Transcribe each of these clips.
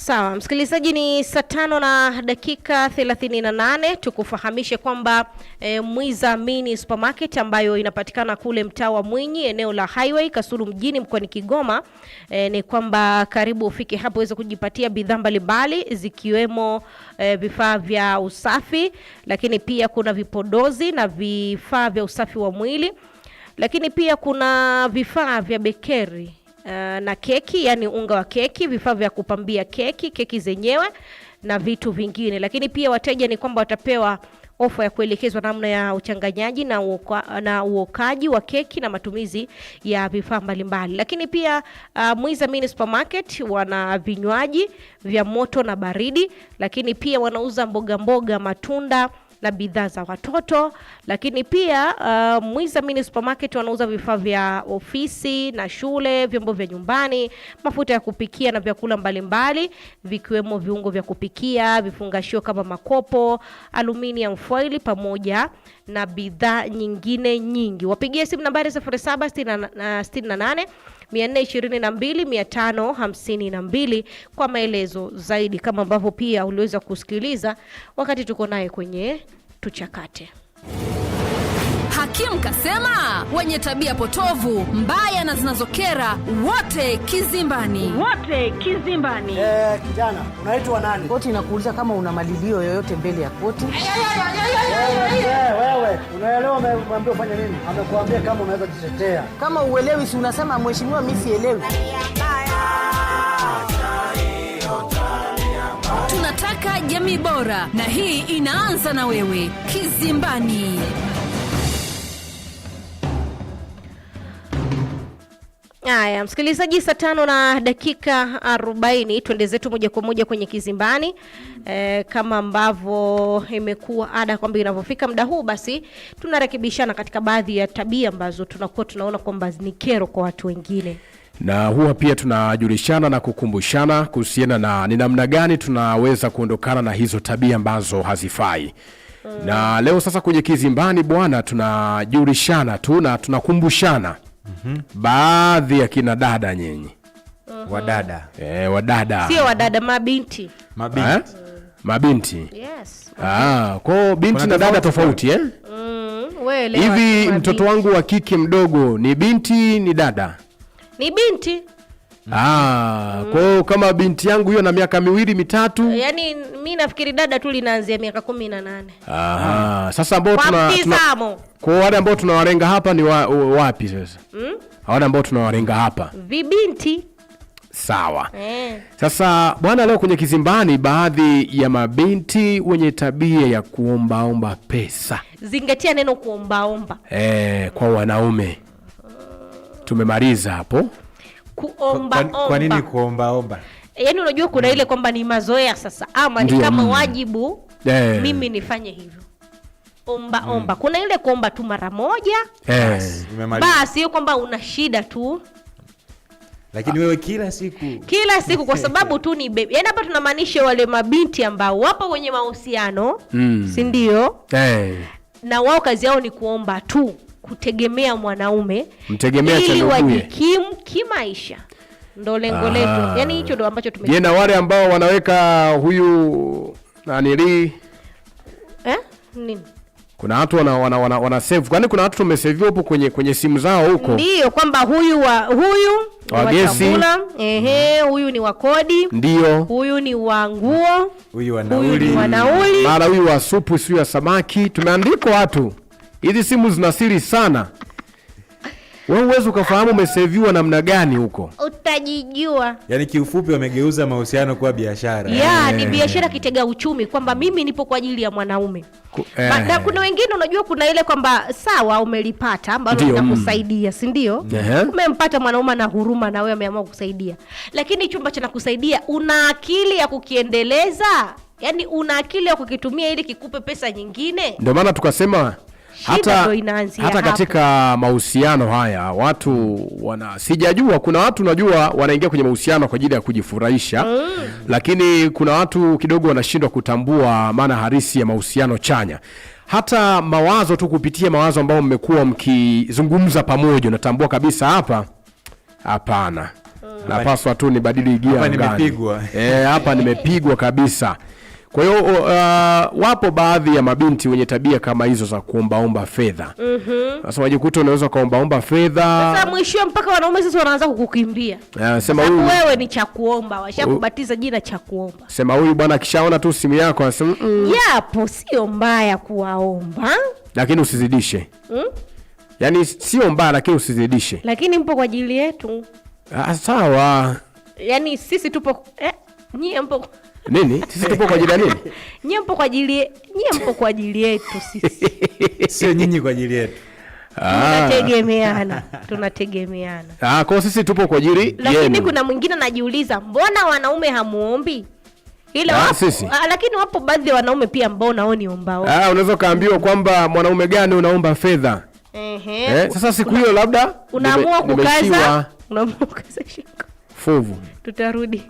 Sawa msikilizaji, ni saa tano na dakika 38. Tukufahamishe kwamba e, Mwiza Mini Supermarket ambayo inapatikana kule mtaa wa Mwinyi eneo la Highway Kasulu mjini mkoani Kigoma e, ni kwamba karibu ufike hapo uweze kujipatia bidhaa mbalimbali zikiwemo e, vifaa vya usafi, lakini pia kuna vipodozi na vifaa vya usafi wa mwili, lakini pia kuna vifaa vya bekeri uh, na keki, yani unga wa keki, vifaa vya kupambia keki, keki zenyewe na vitu vingine. Lakini pia wateja ni kwamba watapewa ofa ya kuelekezwa namna ya uchanganyaji na uoka, na uokaji wa keki na matumizi ya vifaa mbalimbali. Lakini pia uh, Mwiza Mini Supermarket wana vinywaji vya moto na baridi, lakini pia wanauza mboga mboga, matunda la bidhaa za watoto, lakini pia uh, mini Supermarket wanauza vifaa vya ofisi na shule, vyombo vya nyumbani, mafuta ya kupikia na vyakula mbalimbali vikiwemo viungo vya kupikia, vifungashio kama makopo, aluminium foil pamoja na bidhaa nyingine nyingi. Wapigie simu nambari 0768 422552 kwa maelezo zaidi, kama ambavyo pia uliweza kusikiliza wakati tuko naye kwenye tuchakate. Hakimu kasema wenye tabia potovu mbaya na zinazokera wote kizimbani, wote kizimbani. Eh, kijana unaitwa nani? Koti inakuuliza kama una malilio yoyote mbele ya koti wewe unaelewa, ameambia ufanye nini? Amekuambia kama unaweza kujitetea. Kama uelewi, si unasema mheshimiwa, mimi sielewi. Tunataka jamii bora, na hii inaanza na wewe. Kizimbani. Haya, msikilizaji, saa tano na dakika arobaini twende zetu moja kwa moja kwenye kizimbani. E, kama ambavyo imekuwa ada kwamba inavyofika muda huu, basi tunarekebishana katika baadhi ya tabia ambazo tunakuwa tunaona kwamba ni kero kwa watu wengine na huwa pia tunajulishana na kukumbushana kuhusiana na ni namna gani tunaweza kuondokana na hizo tabia ambazo hazifai. Mm. Na leo sasa kwenye kizimbani bwana, tunajulishana tu na tunakumbushana mm -hmm. baadhi ya kina dada nyinyi uh -huh. wadada eh, wadada sio wadada, mabinti mabinti ha? Eh? mabinti yes. Ah, kwao binti na dada tofauti eh? mm, hivi mtoto wangu wa kike mdogo ni binti ni dada? Ni binti Ah, mm. Kwa hiyo kama binti yangu hiyo na miaka miwili mitatu, yaani mi nafikiri dada tu linaanzia miaka kumi na nane. Aha, sasa ambao tuna, tuna kwa wale ambao tunawalenga hapa ni wa, wapi sasa mm? Wale ambao tunawalenga hapa vibinti Sawa Mm. Sasa bwana, leo kwenye Kizimbani, baadhi ya mabinti wenye tabia ya kuombaomba pesa, zingatia neno kuombaomba eh, kwa wanaume. Tumemaliza hapo kuomba Kwa nini kuomba omba? Yaani unajua kuna mm. ile kwamba ni mazoea sasa, ama ah, ni kama mm. wajibu yeah. Mimi nifanye hivyo omba mm. omba Kuna ile kuomba tu mara moja yeah. Basi hiyo kwamba una shida tu lakini wewe kila siku kila siku kwa sababu tu ni baby. Yaani hapa tunamaanisha wale mabinti ambao wapo kwenye mahusiano mm. si ndio? hey. Eh. Na wao kazi yao ni kuomba tu kutegemea mwanaume mtegemea ili wajikimu kimaisha ndo lengo ah. letu, yani hicho ndo ambacho tume. Je, na wale ambao wanaweka huyu nanili eh? Nini? Kuna watu wana, wana, wana, wana save. Kwani kuna watu tumesave hapo kwenye kwenye simu zao huko. Ndio kwamba huyu wa huyu wa gesi. Ehe, mm. huyu ni wa kodi. Ndio. Huyu ni wa nguo. Huyu wa nauli. Mara huyu wa supu, sio ya samaki. Tumeandikwa watu hizi simu zina siri sana. Wewe uwezi ukafahamu umeseviwa namna gani huko, utajijua. Yaani kiufupi, wamegeuza mahusiano kuwa biashara yeah, ni eh. biashara kitega uchumi, kwamba mimi nipo kwa ajili ya mwanaume eh. Na kuna wengine unajua, kuna ile kwamba sawa, umelipata ambalo mm. linakusaidia, si ndio? Umempata mwanaume na huruma, na wewe ameamua kukusaidia, lakini chumba cha nakusaidia, una akili ya kukiendeleza? Yaani una akili ya kukitumia ili kikupe pesa nyingine? Ndio maana tukasema hata, hata katika mahusiano haya watu wana, sijajua kuna watu najua wanaingia kwenye mahusiano kwa ajili ya kujifurahisha mm. Lakini kuna watu kidogo wanashindwa kutambua maana harisi ya mahusiano chanya hata mawazo tu, kupitia mawazo ambayo mmekuwa mkizungumza pamoja, unatambua kabisa hapa, hapana, mm. napaswa tu nibadili gia hapa, nimepigwa e, hapa nimepigwa kabisa. Kwa hiyo uh, wapo baadhi ya mabinti wenye tabia kama hizo za kuombaomba fedha. Mhm. Sasa wajikuta unaweza kuombaomba fedha. Sasa mwisho mpaka wanaume sasa wanaanza kukukimbia. Uh, sema huyu wewe ni cha kuomba, washakubatiza jina cha kuomba. Sema huyu bwana akishaona tu simu yako anasema mm. -mm. Yapo sio mbaya kuwaomba. Lakini usizidishe. Mhm. Yaani sio mbaya lakini usizidishe. Lakini mpo kwa ajili yetu. Ah, sawa. Yaani sisi tupo eh, nyie mpo nini? Sisi tupo kwa ajili ya nini? Nyie mpo kwa ajili nyie mpo kwa ajili yetu sisi. Sio nyinyi kwa ajili yetu. Tunategemeana, ah. tunategemeana. Ah, kwa sisi tupo kwa ajili yenu. Lakini kuna mwingine anajiuliza, mbona wanaume hamuombi? Ila ah, sisi. wapo, ah, lakini wapo baadhi ya wanaume pia ambao nao ni ombao. Ah, unaweza kaambiwa kwamba mwanaume gani unaomba fedha. Ehe. Eh, sasa siku hiyo labda unaamua kukaza, unaamua kukaza shingo. Fuvu. Tutarudi.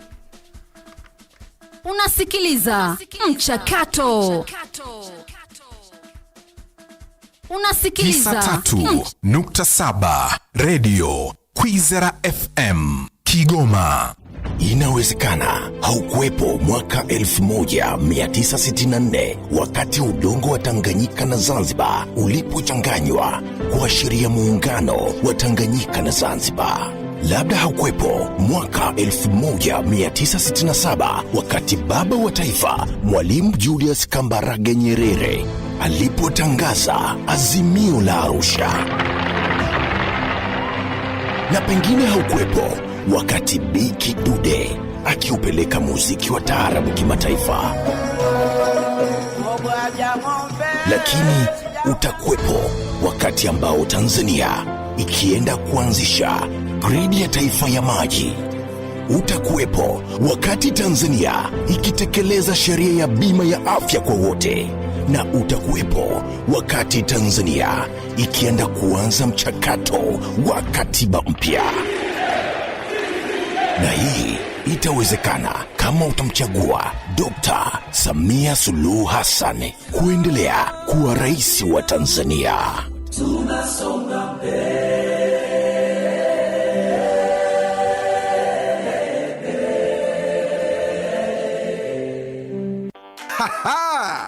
Unasikiliza Mchakato. Unasikiliza 93.7 Radio Kwizera FM Kigoma. Inawezekana haukuwepo mwaka 1964 wakati udongo wa Tanganyika na Zanzibar ulipochanganywa kuashiria muungano wa Tanganyika na Zanzibar labda haukwepo mwaka 1967 wakati baba wa taifa Mwalimu Julius Kambarage Nyerere alipotangaza Azimio la Arusha, na pengine haukwepo wakati biki dude akiupeleka muziki wa taarabu kimataifa, lakini utakwepo wakati ambao Tanzania ikienda kuanzisha gredi ya taifa ya maji utakuwepo wakati Tanzania ikitekeleza sheria ya bima ya afya kwa wote na utakuwepo wakati Tanzania ikienda kuanza mchakato wa katiba mpya, na hii itawezekana kama utamchagua Dr. Samia Suluhu Hassan kuendelea kuwa rais wa Tanzania. Tunasonga mbele.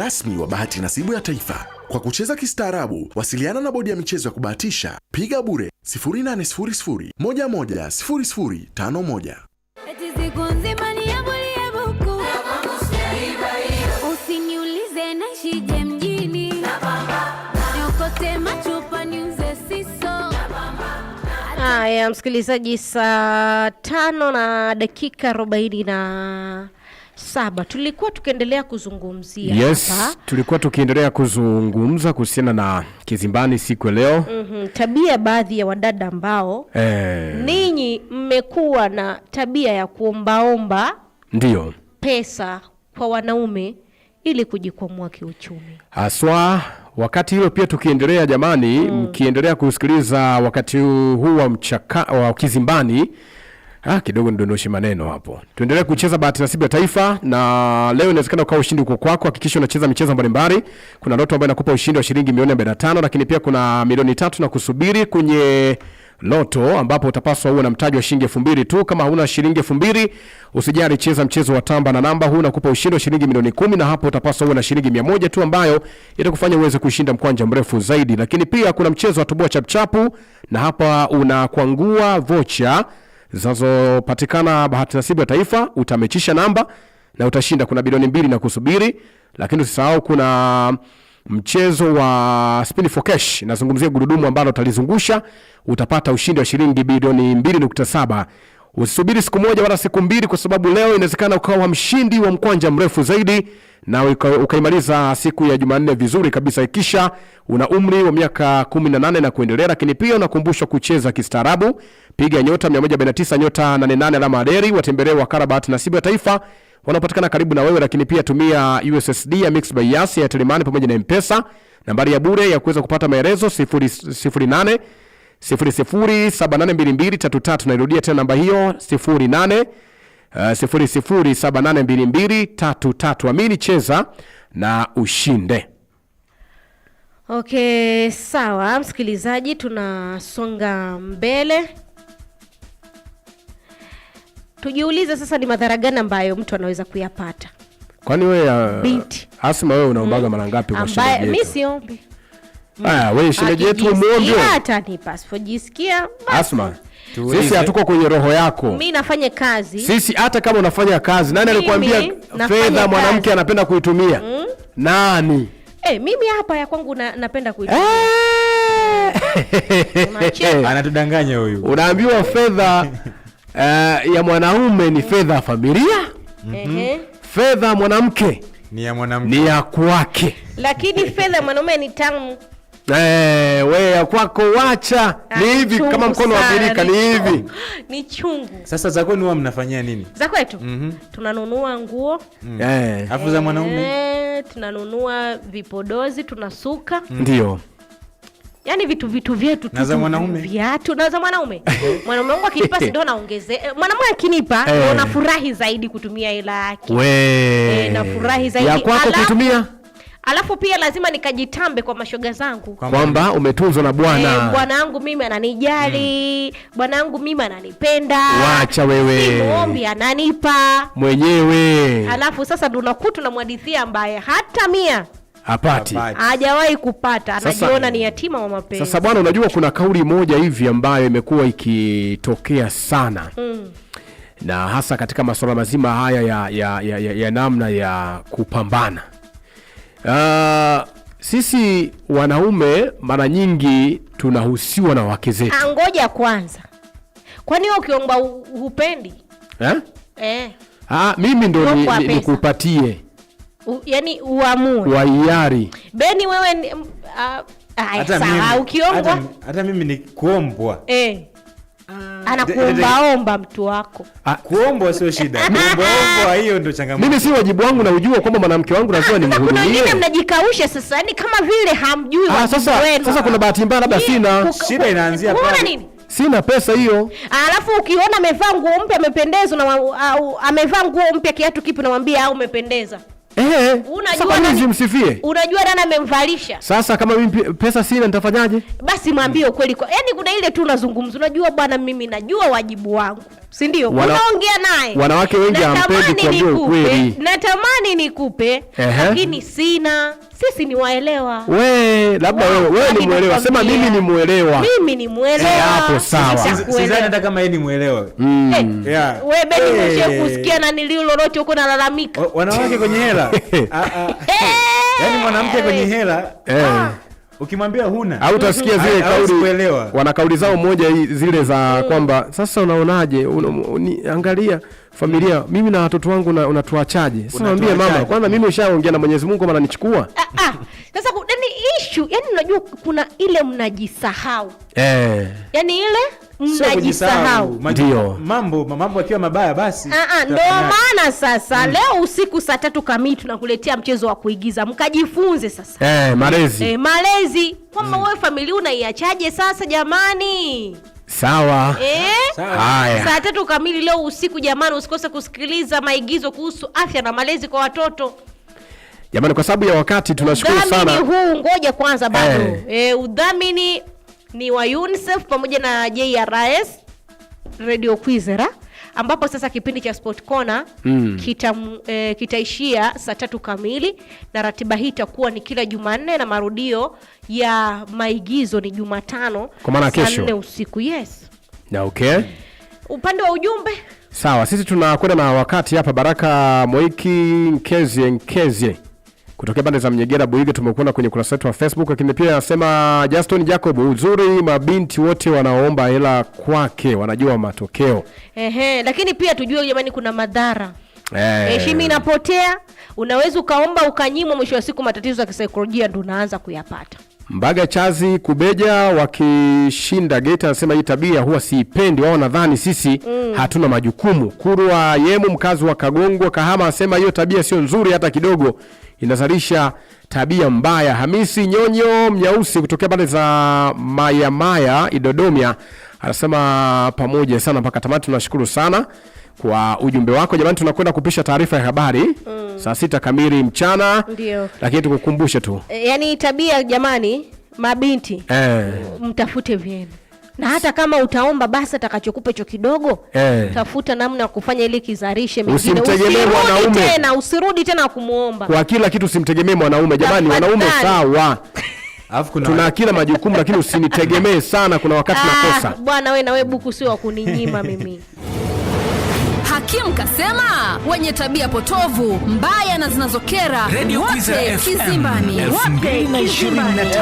rasmi wa bahati nasibu ya taifa. Kwa kucheza kistaarabu, wasiliana na bodi ya michezo ya kubahatisha. Piga bure 0800 11 0051. Haya msikilizaji, saa tano na dakika arobaini na saba tulikuwa tukiendelea kuzungumzia yes, hapa. Tulikuwa tukiendelea kuzungumza kuhusiana na kizimbani siku ya leo mm -hmm, tabia baadhi ya wadada ambao e... ninyi mmekuwa na tabia ya kuombaomba ndio pesa kwa wanaume ili kujikwamua kiuchumi haswa wakati hilo pia tukiendelea jamani, mm. mkiendelea kusikiliza wakati huu wa mchaka wa kizimbani Ah, kidogo nidondoshe maneno hapo. Tuendelee kucheza bahati nasibu ya taifa na leo inawezekana ukawa ushindi uko kwako. Hakikisha unacheza michezo mbalimbali. Kuna loto ambayo inakupa ushindi wa shilingi milioni 45 lakini pia kuna milioni tatu na kusubiri kwenye loto ambapo utapaswa uwe na mtaji wa shilingi mbili tu. Kama huna shilingi mbili usijali, cheza mchezo wa tamba na namba. Huu unakupa ushindi wa shilingi milioni kumi na hapo utapaswa uwe na shilingi moja tu ambayo itakufanya uweze kushinda mkwanja mrefu zaidi. Lakini pia kuna mchezo wa toboa chapchapu na hapa unakwangua vocha zinazopatikana bahati nasibu ya taifa, utamechisha namba na utashinda. Kuna bilioni mbili na kusubiri, lakini usisahau kuna mchezo wa spin for cash, nazungumzia gurudumu ambalo utalizungusha, utapata ushindi wa shilingi bilioni 2.7 Usisubiri siku moja wala siku mbili, kwa sababu leo inawezekana ukawa mshindi wa mkwanja mrefu zaidi na ukaimaliza siku ya Jumanne vizuri kabisa, ikisha una umri wa miaka 18 na kuendelea. Lakini pia unakumbushwa kucheza kistaarabu, piga nyota 149 nyota 88 alama deri, watembelee wakala bahati nasibu ya taifa wanaopatikana karibu na wewe, lakini pia tumia USSD ya Mixx by Yas ya Telemani pamoja na mpesa Nambari ya bure ya kuweza kupata maelezo 08 00782233 nairudia tena namba hiyo 08 00782233. Eh, Amini, cheza na ushinde. Okay, sawa msikilizaji, tunasonga mbele tujiulize sasa ni madhara gani ambayo mtu anaweza kuyapata. Kwani wewe Asma, wewe unaombaga mm. mara ngapi kwa shilingi? Mimi siombi. Haya, ah, wewe shemeji yetu ni Atanipa jisikia Asma. Tuweze. Sisi hatuko kwenye roho yako. Mimi nafanya kazi. Sisi hata kama unafanya kazi, nani alikwambia fedha mwanamke anapenda kuitumia? Mm? Nani? Eh, mimi hapa ya kwangu na, napenda kuitumia. Eh! Anatudanganya huyu. Unaambiwa fedha uh, ya mwanaume ni fedha ya familia. Mm -hmm. Fedha mwanamke ni ya mwanamke. Ni ya kwake. Lakini fedha mwanaume ni tamu. Eh, we ya kwako wacha ni ah, hivi kama mkono wa birika ni hivi. Ni chungu. Sasa za kwenu huwa mnafanyia nini? Za kwetu? Mm -hmm. Tunanunua nguo. Mm. Eh. eh. Afu za mwanaume? hey, eh, tunanunua vipodozi, tunasuka. Mm. Ndio. Mm. Yaani vitu vitu vyetu tu. Na za mwanaume? Viatu na za mwanaume. Mwanaume wangu akinipa si ndo naongeze. Eh, mwanaume akinipa ndo nafurahi zaidi kutumia hela yake. We. Eh, nafurahi zaidi. Ya kwako kutumia? Alafu pia lazima nikajitambe kwa mashoga zangu kwamba umetunzwa na Bwana. E, Bwana wangu mimi ananijali mm. Bwana wangu mimi ananipenda, wacha wewe ombi ananipa mwenyewe. Alafu sasa ndo unakuta tunamhadithia ambaye hata mia hapati hajawahi kupata, anajiona ni yatima wa mapenzi. Sasa bwana, unajua kuna kauli moja hivi ambayo imekuwa ikitokea sana mm na hasa katika masuala mazima haya ya, ya, ya, ya, ya namna ya kupambana Uh, sisi wanaume mara nyingi tunahusiwa na wake zetu. Angoja ah, kwanza, kwani wewe ukiomba hupendi eh? Eh. Ah, mimi ndo nikupatie ni yaani uamue wa hiari beni wewe uh, hata mimi, mimi eh anakuombaomba mtu wako. Ah, kuomba sio shida, kuombaomba hiyo ndio changamoto. Mimi si wajibu wangu na ujua kwamba mwanamke wangu lazima nimhudumie. Kuna wengine mnajikausha sasa, yani kama vile hamjui ah, sasa, wenu. Sasa kuna bahati mbaya, labda sina shida, inaanzia pale sina pesa hiyo. Alafu ukiona amevaa nguo mpya, amependeza, na amevaa nguo mpya, kiatu kipi, namwambia au umependeza Ehe. Unajua msifie. Unajua nani amemvalisha? Sasa kama mimi pesa sina nitafanyaje? Basi mwambie ukweli kwa. Yaani kuna ile tu unazungumza. Unajua bwana, mimi najua wajibu wangu si ndio? Wana, unaongea naye. Wanawake wengi hampendi hiyo kweli. Natamani nikupe lakini sina. Sisi ni waelewa. We, labda wewe wewe ni muelewa. Sema mimi ni muelewa. Mimi ni muelewa. Eh, hapo sawa. Sidhani hata kama yeye ni muelewa. Mm. Hey, eh, yeah. Wewe beti hey. Eh. Unashia kusikia na nilio lolote huko na lalamika. Wanawake kwenye hela. Ah, ah. Eh. Yaani mwanamke kwenye hela. Eh. Ah. Ukimwambia huna au utasikia zile kauli kuelewa, wana kauli zao moja zile za mm. kwamba sasa unaonaje, angalia familia, mimi na watoto wangu unatuachaje? Sasa mama, kwanza mimi ushaongea na Mwenyezi Mungu, maana nichukua ah, ah. sasa. Yani issue, yani unajua kuna ile mnajisahau eh, yani ile mnajisahau Ndio mambo mambo akiwa mabaya basi. Ah, ah, ndio maana sasa mm. leo usiku saa tatu kamili tunakuletea mchezo wa kuigiza mkajifunze sasa eh, malezi eh, malezi kwamba mm. wewe familia unaiachaje sasa jamani. Sawa. E? Haya. Saa tatu kamili leo usiku jamani, usikose kusikiliza maigizo kuhusu afya na malezi kwa watoto jamani, kwa sababu ya wakati tunashukuru sana. huu ngoja kwanza bado. Eh. eh, udhamini ni wa UNICEF pamoja na JRS Radio Kwizera ambapo sasa kipindi cha Sport Corner mm. kita, e, eh, kitaishia saa tatu kamili na ratiba hii itakuwa ni kila Jumanne na marudio ya maigizo ni Jumatano kesho nne usiku. Yes. Na okay. Upande wa ujumbe sawa, sisi tunakwenda na wakati hapa. Baraka Moiki Nkezie Nkezie kutokea pande za Mnyegera Buige, tumekuona kwenye kurasa wetu wa Facebook. Lakini pia anasema Justin Jacob, uzuri mabinti wote wanaoomba hela kwake wanajua matokeo. Ehe, lakini pia tujue jamani, kuna madhara eh. heshima inapotea, unaweza ukaomba ukanyimwa, mwisho wa siku matatizo ya kisaikolojia ndo unaanza kuyapata. Mbaga Chazi Kubeja wakishinda Geita, anasema hii tabia huwa siipendi, wao nadhani sisi mm. hatuna majukumu. Kurwa Yemu mkazi wa Kagongwa Kahama anasema hiyo tabia sio nzuri hata kidogo, inazalisha tabia mbaya. Hamisi Nyonyo Mnyausi kutokea pande za Mayamaya Idodomia anasema pamoja sana mpaka tamati, tunashukuru sana kwa ujumbe wako. Jamani, tunakwenda kupisha taarifa ya habari mm. saa sita kamili mchana, Ndio, lakini tukukumbushe tu e, yani tabia jamani, mabinti e. mtafute vyenu na hata kama utaomba basi atakachokupa hicho kidogo e, tafuta namna ya kufanya ili kizarishe mengine. Usimtegemee mwanaume tena, usirudi tena kumuomba kwa kila kitu, usimtegemee mwanaume jamani, wanaume sawa tuna kila majukumu lakini usinitegemee sana, kuna wakati ah, nakosa bwana. wewe na wewe buku sio wa kuninyima mimi Kim kasema wenye tabia potovu mbaya na zinazokera wote kizimbani, wote kizimbani.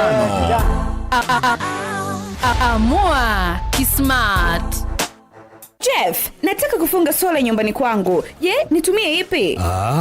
Amua kismat Jeff, nataka kufunga sola nyumbani kwangu. Je, nitumie ipi? Ah.